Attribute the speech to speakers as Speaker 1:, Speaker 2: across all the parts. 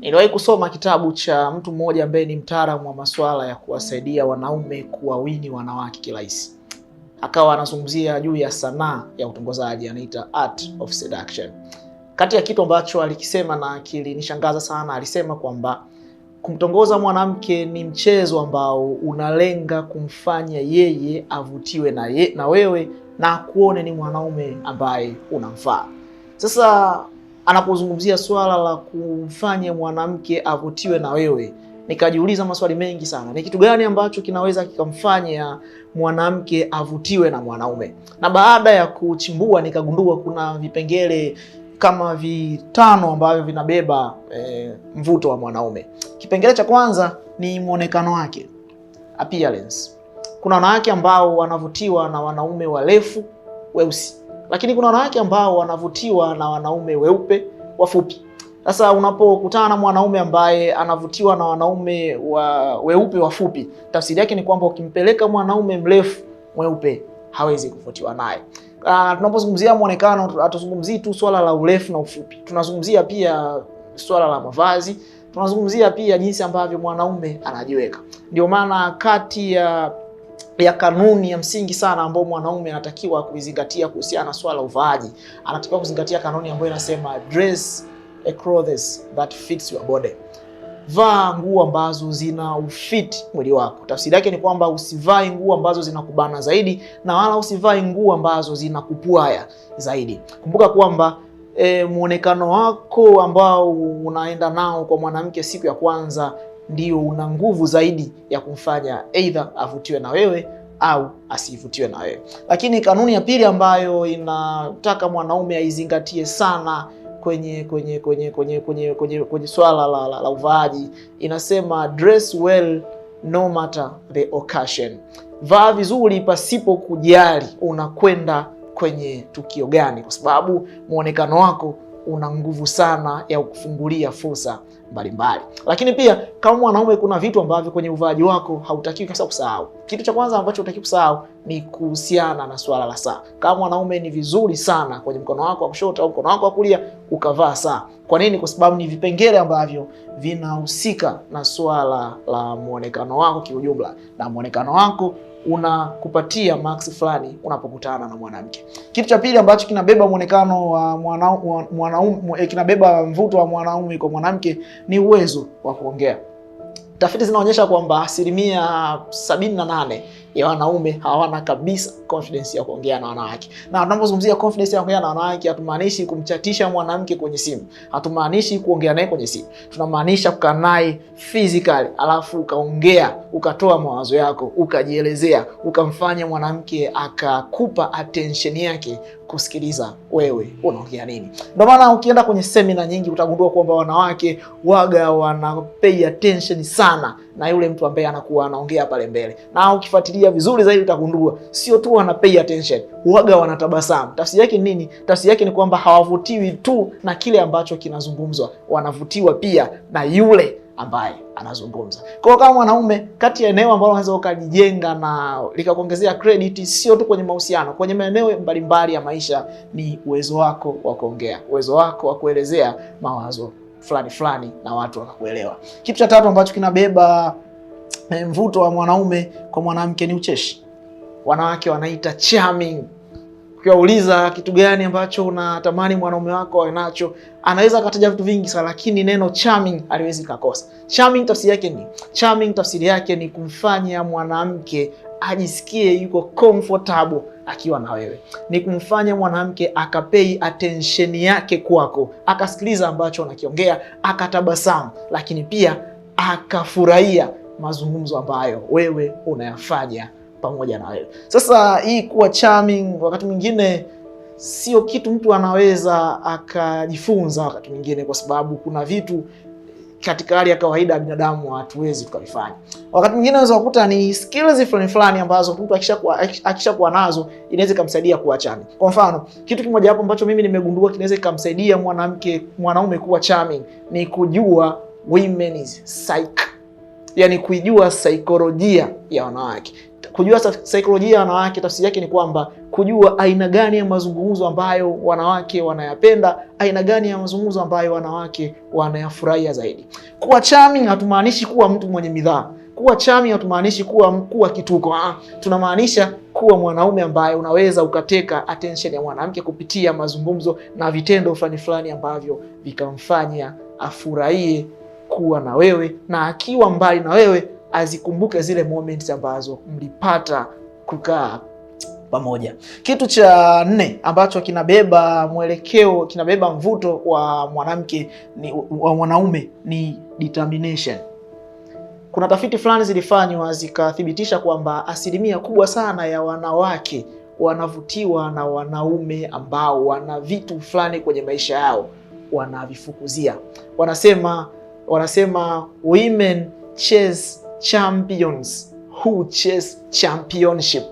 Speaker 1: Niliwahi kusoma kitabu cha mtu mmoja ambaye ni mtaalamu wa masuala ya kuwasaidia wanaume kuwawini wanawake kirahisi, akawa anazungumzia juu ya sanaa ya utongozaji, anaita art of seduction. Kati ya kitu ambacho alikisema na kilinishangaza sana, alisema kwamba kumtongoza mwanamke ni mchezo ambao unalenga kumfanya yeye avutiwe na, ye, na wewe na akuone ni mwanaume ambaye unamfaa. Sasa anapozungumzia swala la kumfanya mwanamke avutiwe na wewe, nikajiuliza maswali mengi sana. Ni kitu gani ambacho kinaweza kikamfanya mwanamke avutiwe na mwanaume? Na baada ya kuchimbua, nikagundua kuna vipengele kama vitano ambavyo vinabeba e, mvuto wa mwanaume. Kipengele cha kwanza ni mwonekano wake, appearance. Kuna wanawake ambao wanavutiwa na wanaume warefu weusi lakini kuna wanawake ambao wanavutiwa na wanaume weupe wafupi. Sasa unapokutana na mwanaume ambaye anavutiwa na wanaume wa weupe wafupi, tafsiri yake ni kwamba ukimpeleka mwanaume mrefu mweupe hawezi kuvutiwa naye. Uh, tunapozungumzia muonekano hatuzungumzii tu swala la urefu na ufupi, tunazungumzia pia swala la mavazi, tunazungumzia pia jinsi ambavyo mwanaume anajiweka. Ndio maana kati ya uh, ya kanuni ya msingi sana ambayo mwanaume anatakiwa kuizingatia kuhusiana na swala uvaaji. Anatakiwa kuzingatia kanuni ambayo inasema dress a clothes that fits your body, vaa nguo ambazo zina ufiti mwili wako. Tafsiri yake ni kwamba usivae nguo ambazo zinakubana zaidi na wala usivae nguo ambazo zinakupuaya zaidi. Kumbuka kwamba e, eh, muonekano wako ambao unaenda nao kwa mwanamke siku ya kwanza ndio una nguvu zaidi ya kumfanya aidha avutiwe na wewe au asivutiwe na wewe. Lakini kanuni ya pili ambayo inataka mwanaume aizingatie sana kwenye kwenye kwenye kwenye kwenye kwenye kwenye swala la, la, la uvaaji inasema dress well no matter the occasion. Vaa vizuri pasipo kujali unakwenda kwenye tukio gani, kwa sababu muonekano wako una nguvu sana ya kufungulia fursa mbalimbali. Lakini pia kama mwanaume, kuna vitu ambavyo kwenye uvaaji wako hautaki kabisa kusahau. Kitu cha kwanza ambacho hutaki kusahau ni kuhusiana na swala la saa. Kama mwanaume, ni vizuri sana kwenye mkono wako wa kushoto au mkono wako wa kulia ukavaa saa. Kwa nini? Kwa sababu ni vipengele ambavyo vinahusika na swala la mwonekano wako kiujumla, na mwonekano wako unakupatia max fulani unapokutana na mwanamke. Kitu cha pili ambacho kinabeba muonekano wa mwanaume, eh, kinabeba mvuto wa mwanaume kwa mwanamke ni uwezo wa kuongea. Tafiti zinaonyesha kwamba asilimia nane ya wanaume hawana kabisa confidence ya kuongea na wanawake. Na tunapozungumzia confidence ya kuongea na wanawake, hatumaanishi kumchatisha mwanamke kwenye simu, hatumaanishi kuongea naye kwenye simu, tunamaanisha kukaa naye physically, alafu ukaongea, ukatoa mawazo yako, ukajielezea, ukamfanya mwanamke akakupa attention yake kusikiliza wewe unaongea nini. Ndio maana ukienda kwenye semina nyingi utagundua kwamba wanawake waga wana pay attention sana na yule mtu ambaye anakuwa anaongea pale mbele, na ukifuatilia vizuri zaidi utagundua sio tu wana pay attention, waga wanatabasamu. Tafsiri yake nini? Tafsiri yake ni kwamba hawavutiwi tu na kile ambacho kinazungumzwa, wanavutiwa pia na yule ambaye anazungumza. Kwa kama mwanaume, kati ya eneo ambalo unaweza ukajijenga na likakuongezea credit, sio tu kwenye mahusiano, kwenye maeneo mbalimbali ya maisha, ni uwezo wako wa kuongea, uwezo wako wa kuelezea mawazo fulani fulani na watu wakakuelewa. Kitu cha tatu ambacho kinabeba eh, mvuto wa mwanaume kwa mwanamke ni ucheshi. Wanawake wanaita charming Ukiwauliza kitu gani ambacho unatamani mwanaume wako awe nacho, anaweza akataja vitu vingi sana, lakini neno charming aliwezi kakosa. Charming tafsiri yake ni charming, tafsiri yake ni kumfanya mwanamke ajisikie yuko comfortable akiwa na wewe, ni kumfanya mwanamke akapei attention yake kwako, akasikiliza ambacho unakiongea, akatabasamu, lakini pia akafurahia mazungumzo ambayo wewe unayafanya pamoja na wewe. Sasa hii kuwa charming wakati mwingine sio kitu mtu anaweza akajifunza wakati mwingine, kwa sababu kuna vitu katika hali ya kawaida ya binadamu hatuwezi tukavifanya. Wakati mwingine unaweza kukuta ni skills fulani fulani ambazo mtu akishakuwa akishakuwa nazo inaweza ikamsaidia kuwa charming. Kwa mfano, kitu kimoja hapo ambacho mimi nimegundua kinaweza ikamsaidia mwanamke mwanaume kuwa charming ni kujua women's psyche, yani kuijua saikolojia ya wanawake. Kujua saikolojia ya wanawake, tafsiri yake ni kwamba kujua aina gani ya mazungumzo ambayo wanawake wanayapenda, aina gani ya mazungumzo ambayo wanawake wanayafurahia zaidi. Kuwa charming hatumaanishi kuwa mtu mwenye midhaa. Kuwa charming hatumaanishi kuwa kuwa kituko. Ah, tunamaanisha kuwa mwanaume ambaye unaweza ukateka attention ya mwanamke kupitia mazungumzo na vitendo fulani fulani ambavyo vikamfanya afurahie kuwa na wewe na akiwa mbali na wewe azikumbuke zile moments ambazo mlipata kukaa pamoja. Kitu cha nne ambacho kinabeba mwelekeo, kinabeba mvuto wa mwanamke ni, wa mwanaume ni determination. Kuna tafiti fulani zilifanywa zikathibitisha kwamba asilimia kubwa sana ya wanawake wanavutiwa na wanaume ambao wana vitu fulani kwenye maisha yao wanavifukuzia. Wanasema wanasema women chase champions who chase championship.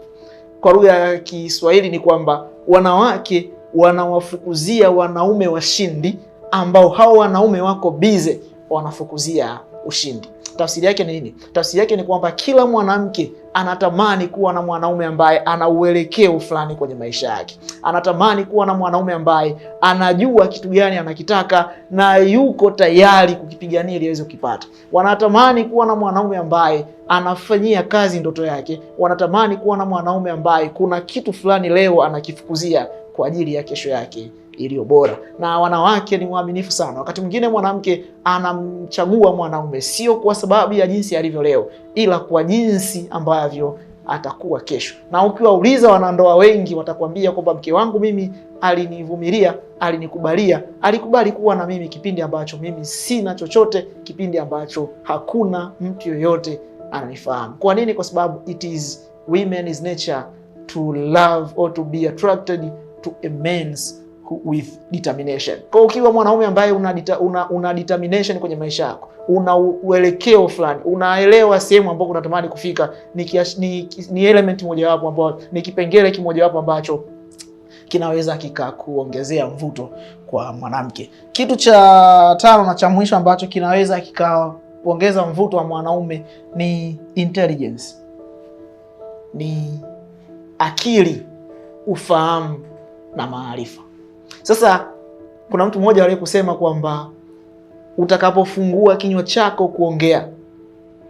Speaker 1: Kwa lugha ya Kiswahili ni kwamba wanawake wanawafukuzia wanaume washindi ambao hao wanaume wako bize wanafukuzia ushindi. Tafsiri yake ni nini? Tafsiri yake ni kwamba kila mwanamke anatamani kuwa na mwanaume ambaye ana uelekeo fulani kwenye maisha yake, anatamani kuwa na mwanaume ambaye anajua kitu gani anakitaka na yuko tayari kukipigania ili aweze kukipata. Wanatamani kuwa na mwanaume ambaye anafanyia kazi ndoto yake, wanatamani kuwa na mwanaume ambaye kuna kitu fulani leo anakifukuzia kwa ajili ya kesho yake iliyo bora, na wanawake ni waaminifu sana. Wakati mwingine mwanamke anamchagua mwanaume sio kwa sababu ya jinsi alivyo leo, ila kwa jinsi ambavyo atakuwa kesho. Na ukiwauliza wanandoa wengi watakwambia kwamba mke wangu mimi alinivumilia, alinikubalia, alikubali kuwa na mimi kipindi ambacho mimi sina chochote, kipindi ambacho hakuna mtu yoyote ananifahamu. Kwa nini? Kwa sababu it is women's nature to love or to be attracted to a man's with determination. Kwa ukiwa mwanaume ambaye una, dita, una, una determination kwenye maisha yako, una uelekeo fulani, unaelewa sehemu ambapo unatamani kufika, ni, ni, ni element mojawapo ambao ni kipengele kimojawapo ambacho kinaweza kikakuongezea mvuto kwa mwanamke. Kitu cha tano na cha mwisho ambacho kinaweza kikaongeza mvuto wa mwanaume ni intelligence, ni akili, ufahamu na maarifa. Sasa kuna mtu mmoja aliye kusema kwamba utakapofungua kinywa chako kuongea,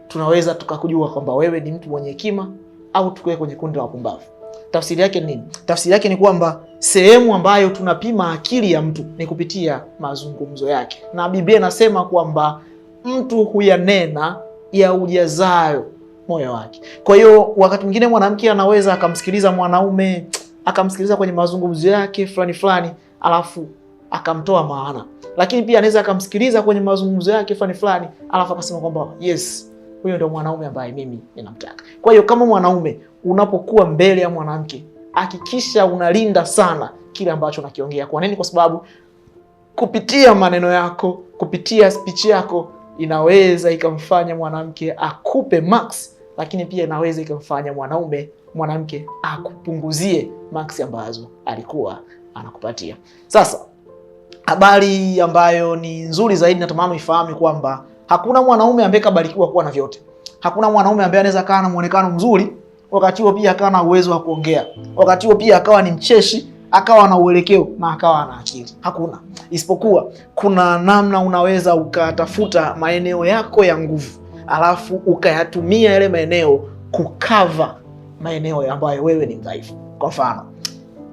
Speaker 1: tunaweza tukakujua kwamba wewe ni mtu mwenye hekima au tukiwe kwenye kundi la wapumbavu. Tafsiri yake ni nini? Tafsiri yake ni kwamba sehemu ambayo tunapima akili ya mtu ni kupitia mazungumzo yake, na Biblia inasema kwamba mtu huyanena ya ujazayo moyo wake. Kwa hiyo wakati mwingine mwanamke anaweza akamsikiliza mwanaume akamsikiliza kwenye mazungumzo yake fulani fulani alafu akamtoa maana, lakini pia anaweza akamsikiliza kwenye mazungumzo yake fulani fulani, alafu akasema kwamba yes, huyo ndio mwanaume ambaye mimi ninamtaka. Kwa hiyo kama mwanaume unapokuwa mbele ya mwanamke, hakikisha unalinda sana kile ambacho unakiongea. Kwa nini? Kwa sababu kupitia maneno yako, kupitia speech yako inaweza ikamfanya mwanamke akupe max, lakini pia inaweza ikamfanya mwanaume mwanamke akupunguzie max ambazo alikuwa anakupatia. Sasa habari ambayo ni nzuri zaidi, natamani ifahamu kwamba hakuna mwanaume ambaye kabarikiwa kuwa na vyote. Hakuna mwanaume ambaye anaweza kaa na muonekano mzuri wakati huo pia akawa na uwezo wa kuongea, wakati huo pia akawa ni mcheshi, akawa na uelekeo na akawa na akili. Hakuna, isipokuwa kuna namna unaweza ukatafuta maeneo yako ya nguvu, alafu ukayatumia yale maeneo kukava maeneo ambayo wewe ni mdhaifu. Kwa mfano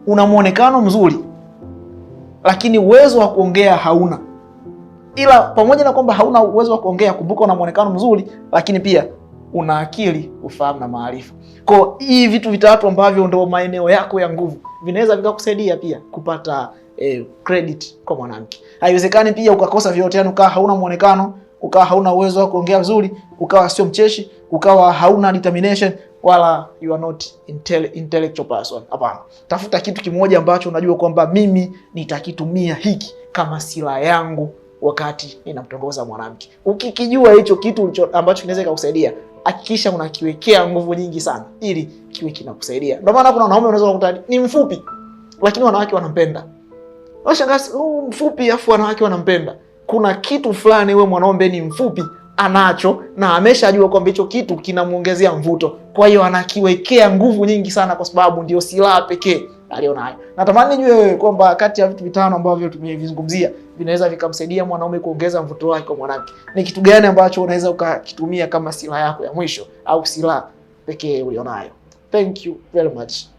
Speaker 1: una mwonekano mzuri, lakini uwezo wa kuongea hauna. Ila pamoja na kwamba hauna uwezo wa kuongea, kumbuka, una mwonekano mzuri, lakini pia una akili, ufahamu na maarifa. Kwa hii vitu vitatu ambavyo ndio maeneo yako ya nguvu vinaweza vikakusaidia pia kupata eh, credit kwa mwanamke. Haiwezekani pia ukakosa vyote, yani ukawa hauna mwonekano, ukawa hauna uwezo wa kuongea vizuri, ukawa sio mcheshi, ukawa hauna determination, wala you are not intell intellectual person. Hapana, tafuta kitu kimoja ambacho unajua kwamba mimi nitakitumia hiki kama silaha yangu wakati ninamtongoza mwanamke. Ukikijua hicho kitu ambacho kinaweza kukusaidia, hakikisha unakiwekea nguvu nyingi sana, ili kiwe kinakusaidia. Ndio maana kuna wanaume unaweza kukuta ni mfupi, lakini wanawake wanampenda. Washangaa, huu oh, mfupi afu wanawake wanampenda. Kuna kitu fulani, wewe mwanaume ni mfupi anacho na ameshajua kwamba hicho kitu kinamwongezea mvuto, kwa hiyo anakiwekea nguvu nyingi sana, kwa sababu ndio silaha pekee alionayo. Natamani nijue wewe kwamba kati ya vitu vitano ambavyo tumevizungumzia vinaweza vikamsaidia mwanaume kuongeza mvuto wake kwa mwanamke, ni kitu gani ambacho unaweza ukakitumia kama silaha yako ya mwisho au silaha pekee ulionayo? Thank you very much.